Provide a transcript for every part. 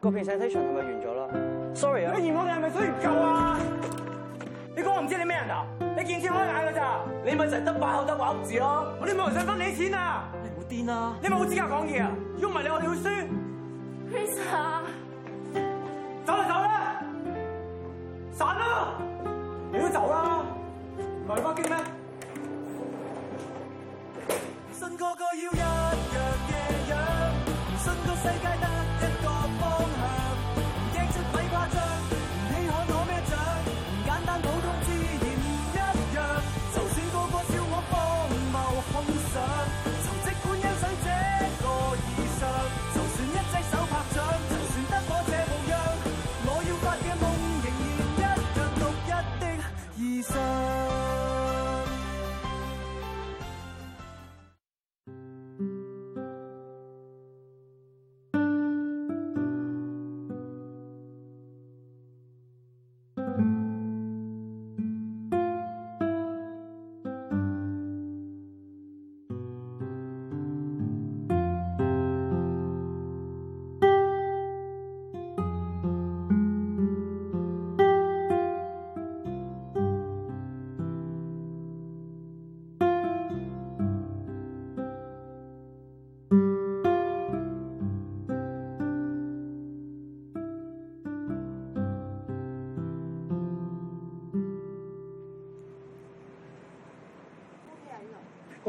個 presentation 係咪完咗囉。Sorry 啊！你嫌我哋係咪輸唔夠啊？你講我唔知你咩人啊？你見錢開眼噶咋？你咪成日得把口得話屋字咯？我哋冇人想分你錢啊！你唔好癲啊？你咪冇資格講嘢啊！如果唔係你，我哋會輸。Priscilla，走啦走啦，散啦！你都走啦，唔係去北京咩？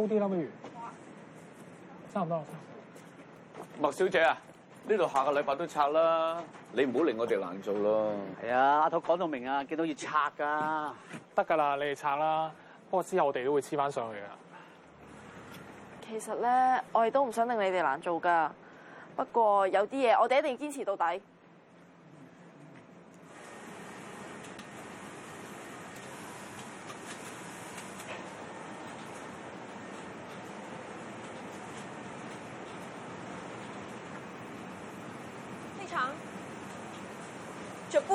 高啲啦，不如差唔多。麥小姐啊，呢度下個禮拜都拆啦，你唔好令我哋難做咯。係啊、哎，阿頭講到明啊，見到要拆噶，得噶啦，你哋拆啦。不過之後我哋都會黐翻上去啊。其實咧，我哋都唔想令你哋難做噶，不過有啲嘢我哋一定堅持到底。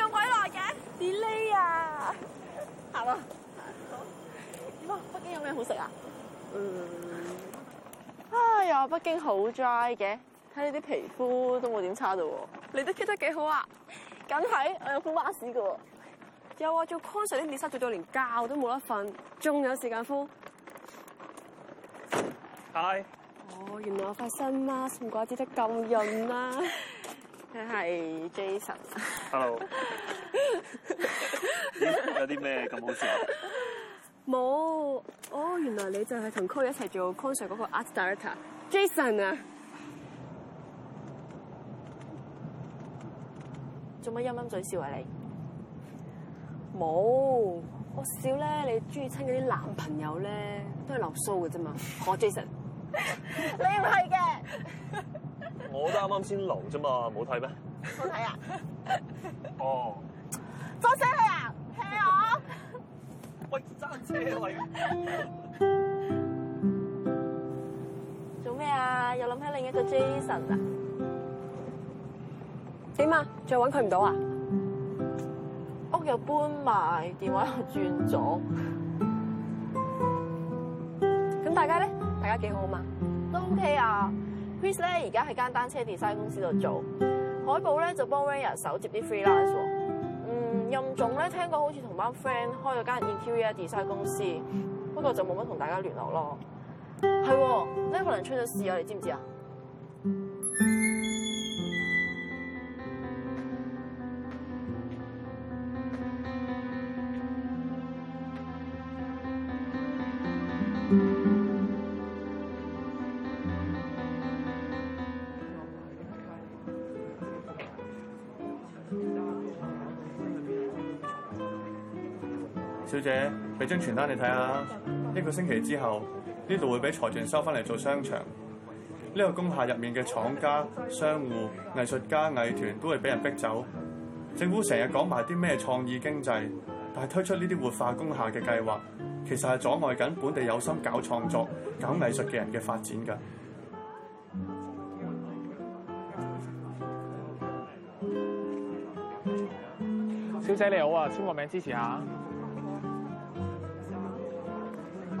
咁鬼耐嘅，delay 啊，走好！咯，點啊？北京有咩好食啊？嗯，哎呀，北京好 dry 嘅，睇你啲皮膚都冇點差到喎。你都 keep 得幾好啊？梗係，我有敷 m 屎 s 喎。又話做 c o n c e r t 啲面 e s e a 做到連覺都冇得瞓，仲有時間敷。h Hi. 哦，原來我塊新 m 唔怪之得咁韌啦。 佢係 Jason。Hello，有啲咩咁好笑？冇，哦，原來你就係同 Cole 一齊做 concert 嗰個 Art Starter，Jason 啊！做乜陰陰嘴笑啊你？冇，我笑咧，你中意親嘅啲男朋友咧，都係留須嘅啫嘛，我 Jason， 你唔係嘅。 我都啱啱先留啫嘛，冇睇咩？冇睇啊？ 哦！揸車啊？係我喂，揸車嚟做咩啊？又諗起另一個 Jason 啊？點啊？再搵佢唔到啊？屋又搬埋，電話又轉咗。咁 大家咧？大家幾好啊嘛？都 OK 啊。Chris 咧而家喺間單車 design 公司度做，海寶咧就幫 Rayner 手接啲 freelance 喎、哦。嗯，任總咧聽講好似同班 friend 開咗間 interior design 公司，不過就冇乜同大家聯絡咯。係、哦，呢可能出咗事啊？你知唔知啊？俾張傳單你睇下，一個星期之後呢度會俾財團收翻嚟做商場。呢個工廈入面嘅廠家、商戶、藝術家、藝團都會俾人逼走。政府成日講埋啲咩創意經濟，但係推出呢啲活化工廈嘅計劃，其實係阻礙緊本地有心搞創作、搞藝術嘅人嘅發展㗎。小姐你好啊，簽個名支持下。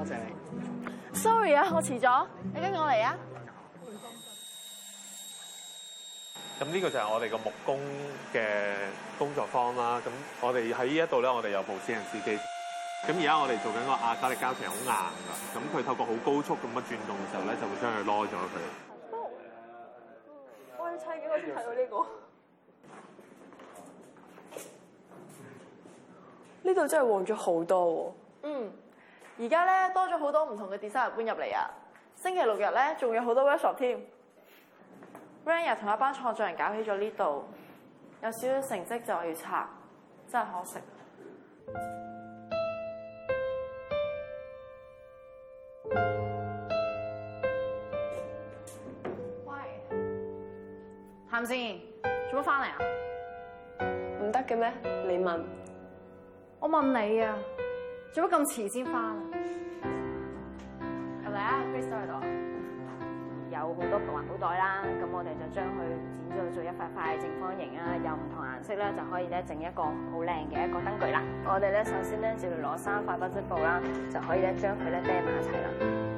多謝，謝你。Sorry 啊，我遲咗，你跟我嚟啊。咁呢個就係我哋個木工嘅工作坊啦。咁我哋喺呢一度咧，我哋有部 CNC 機。咁而家我哋做緊個亞加力膠牆，好硬噶。咁佢透過好高速咁樣轉動嘅時候咧，就會將佢攞咗佢。哇、哦！要、哎、砌幾個先睇到呢，這個？呢度真係旺咗好多喎，啊。嗯。而家咧多咗好多唔同嘅 designer 搬入嚟啊！星期六日咧仲有好多 workshop 添。Rana 同一班創作人搞起咗呢度，有少少成績就係要拆，真係可惜。喂，譚生，做乜返嚟啊？唔得嘅咩？你問，我問你啊。做乜咁遲先返？係咪啊？Chris 喺度啊？有好多環保袋啦，咁我哋就將佢剪咗做一塊塊正方形啊，有唔同顏色咧，就可以咧整一個好靚嘅一個燈具啦。我哋咧首先咧就要攞三塊不織布啦，就可以咧將佢咧疊埋一齊啦。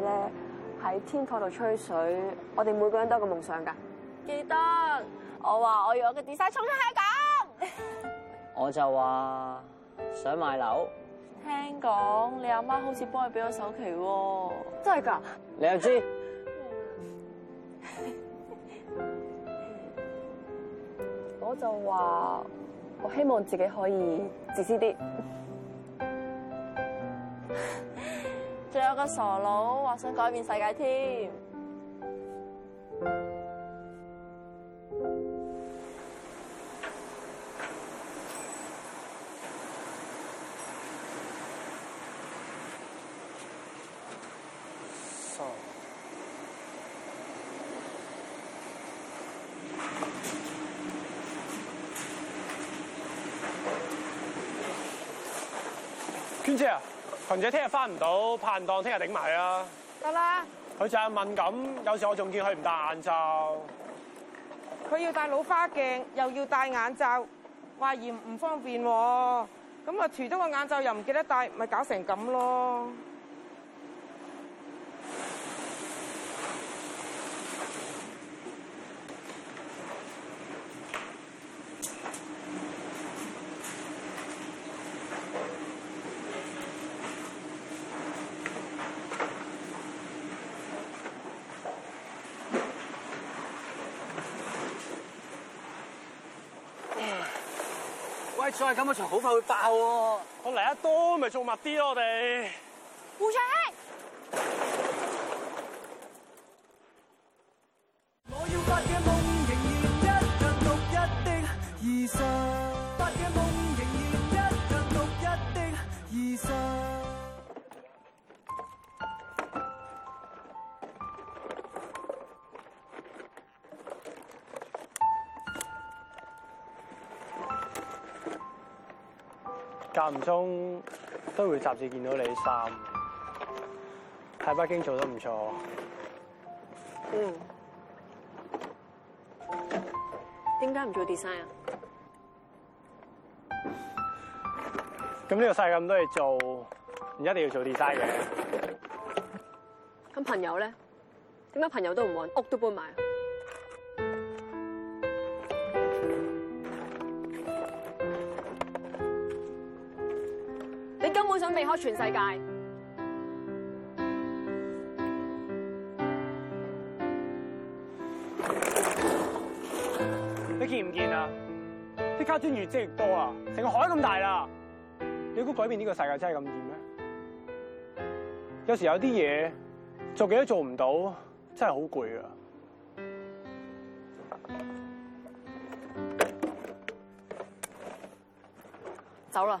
咧喺天台度吹水，我哋每個人都有個夢想噶。記得我話我要我嘅 design 衝出去咁，我就話想買樓。聽講你阿媽好似幫你俾咗首期喎，啊，真係噶？你又知？我就話我希望自己可以自私啲。個傻佬，還想改變世界添？俊姐 So。群姐聽日翻唔到，派人當聽日頂埋啊。得啦。佢就係敏感，有時我仲見佢唔戴眼罩。佢要戴老花鏡，又要戴眼罩，話嫌唔方便喎。咁啊，除咗個眼罩又唔記得戴，咪搞成咁咯。再咁嘅場好快會爆喎。啊，我嚟得多咪做密啲咯，我哋胡長間唔中都會雜誌見到你衫，喺北京做得唔錯。嗯，點解唔做 design 啊？咁呢個世界咁多嘢做，唔一定要做 design 嘅。咁朋友咧，點解朋友都唔揾屋都搬埋？開全世界，你見唔見啊？啲膠樽越積越多啊！成個海咁大啦！你估改變呢個世界真係咁易咩？有時有啲嘢做嘢都做唔到，真係好攰㗎。走啦！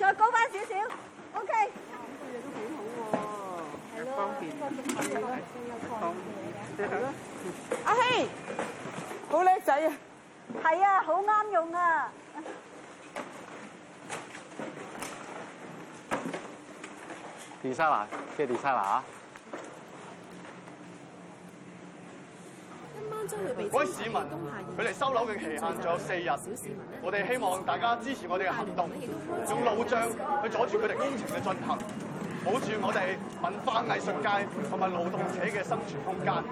再高翻少少，OK。呢樣都幾好喎，係咯，方便咯，方便咯。阿希，好叻仔啊！係啊，好啱用啊！電刷啦，即係電刷啦啊！各位市民，佢哋收樓嘅期限仲有四日，我哋希望大家支持我哋嘅行動，用路障去阻住佢哋工程嘅進行，保住我哋文化藝術界同埋勞動者嘅生存空間。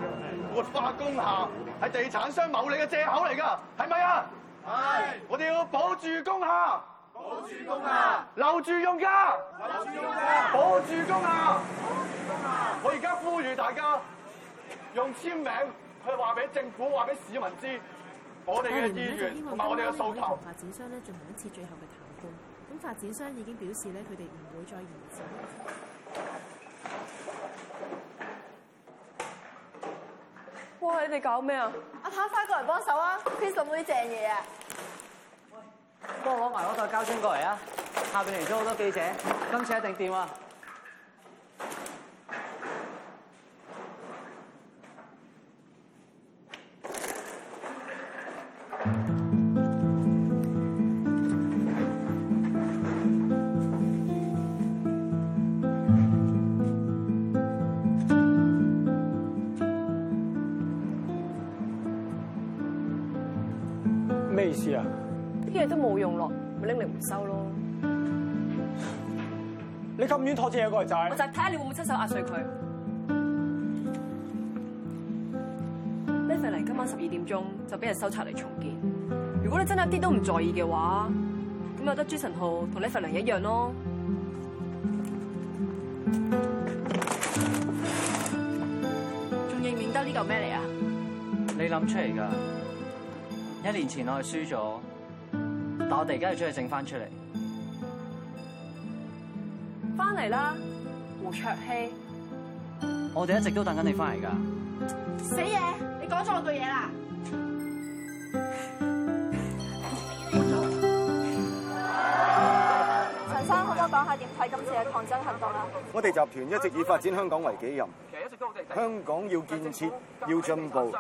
活化工廈係地產商牟利嘅借口嚟㗎，係咪啊？係，我哋要保住工廈，保住工廈，留住用家，留住用家，保住工廈，保住工廈。我而家呼籲大家用簽名。佢話俾政府、話俾市民知我的我的，我哋嘅意願同埋我哋嘅訴求。發展商咧進行一次最後嘅談判。咁發展商已經表示咧，佢哋唔會再延遲。哇！你哋搞咩啊？阿潘快過嚟幫手啊！Pisa 妹正嘢啊！喂，幫我攞埋嗰個膠樽過嚟啊！下邊嚟咗好多記者，今次一定掂啊！咩意思啊？啲嘢都冇用咯，咪拎嚟回收咯。你咁遠托啲嘢過嚟，就係我就睇下你會唔會出手壓碎佢。十二點鐘就俾人收拆嚟重建。如果你真係一啲都唔在意嘅話，咁我覺得朱晨浩同李佛良一樣咯。仲認唔認得呢嚿咩嚟啊？你諗出嚟噶。一年前我哋輸咗，但我哋而家要將佢整翻出嚟。翻嚟啦，胡卓希。我哋一直都等緊你翻嚟噶。死嘢！講錯句嘢啦！我陳生，可唔可以講下點睇今次嘅抗爭行動啦。我哋集團一直以發展香港為己任，香港要建設要進步，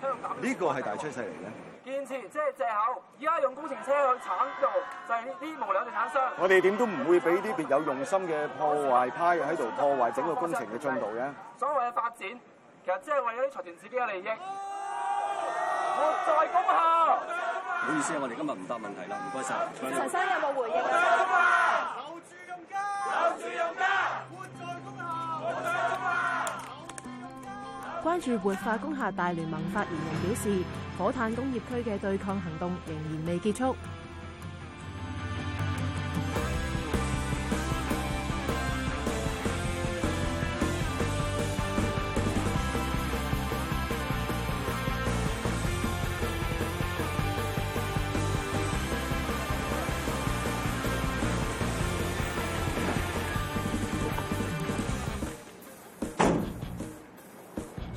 香港呢個係大趨勢嚟嘅。建設即係藉口，依家用工程車去鏟路，就係呢啲無良嘅鏟商。我哋點都唔會俾啲別有用心嘅破壞派喺度破壞整個工程嘅進度嘅。所謂嘅發展。其實即係為咗啲財團自己嘅利益，活化工廈。唔好意思啊，我哋今日唔答問題啦，唔該晒，陳生有冇回應？嗯、關注活化工廈大聯盟發言人表示，火炭工業區嘅對抗行動仍然未結束。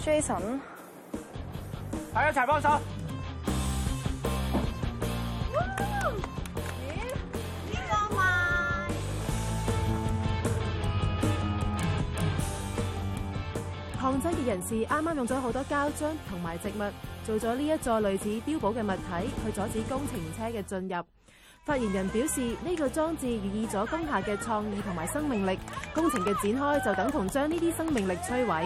Jason，大家一齊幫手！咦，呢個嘛？抗爭嘅人士啱啱用咗好多膠樽同埋植物，做咗呢一座類似碉堡嘅物體，去阻止工程車嘅進入。發言人表示，呢個裝置寓意咗工下嘅創意同埋生命力，工程嘅展開就等同將呢啲生命力摧毀。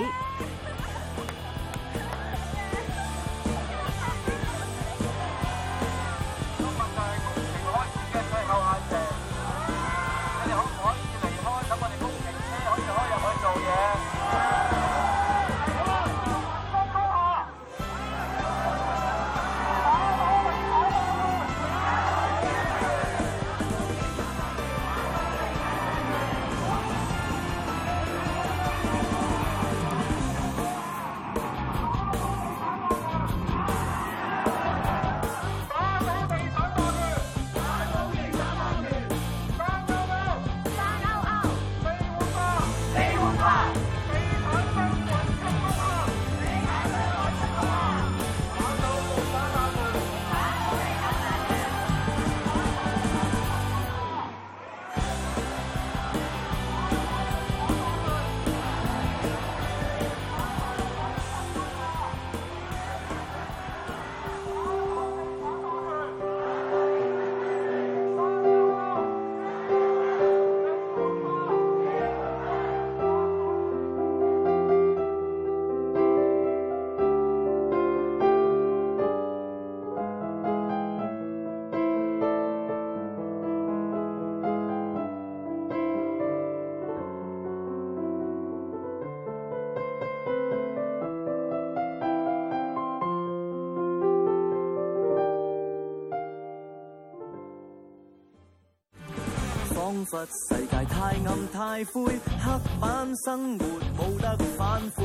世界太暗太灰，刻板生活冇得反悔。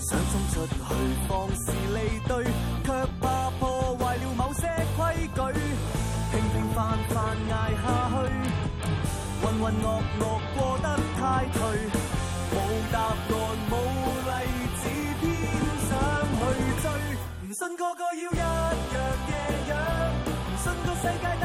想衝出去，放肆離隊，卻怕破壞了某些規矩。平平凡凡挨下去，渾渾噩噩過得太頹。冇答案、冇例子，偏想去追。唔信個個要一樣嘅樣，唔信個世界。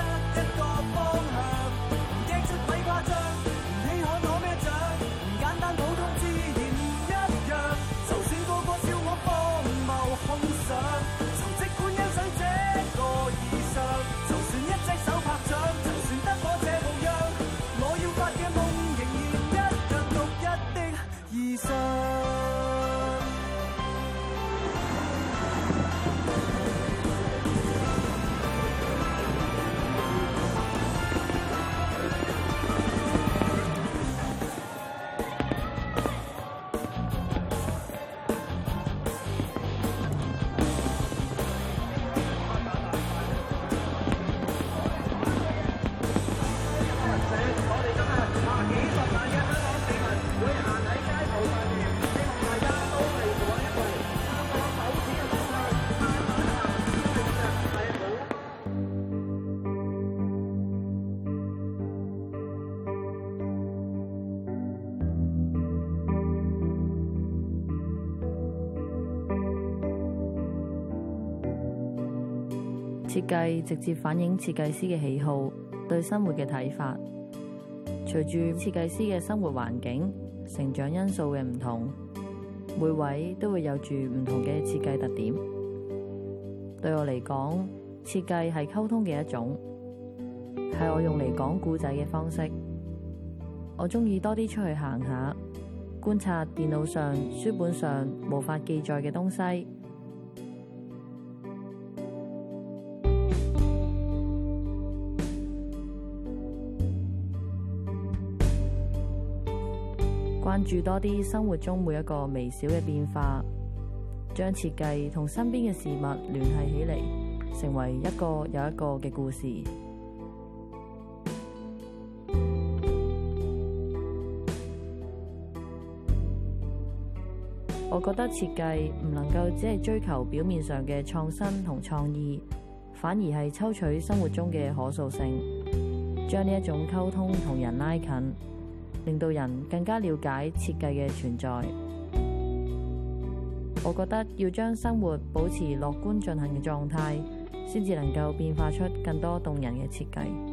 設計直接反映設計師嘅喜好、對生活嘅睇法。隨住設計師嘅生活環境、成長因素嘅唔同，每位都會有住唔同嘅設計特點。對我嚟講，設計係溝通嘅一種，係我用嚟講故仔嘅方式。我中意多啲出去行下，觀察電腦上、書本上無法記載嘅東西。注多啲生活中每一個微小嘅變化，將設計同身邊嘅事物聯繫起嚟，成為一個又一個嘅故事。 我覺得設計唔能夠只係追求表面上嘅創新同創意，反而係抽取生活中嘅可塑性，將呢一種溝通同人拉近。令到人更加了解設計嘅存在，我覺得要將生活保持樂觀進行嘅狀態，先至能夠變化出更多動人嘅設計。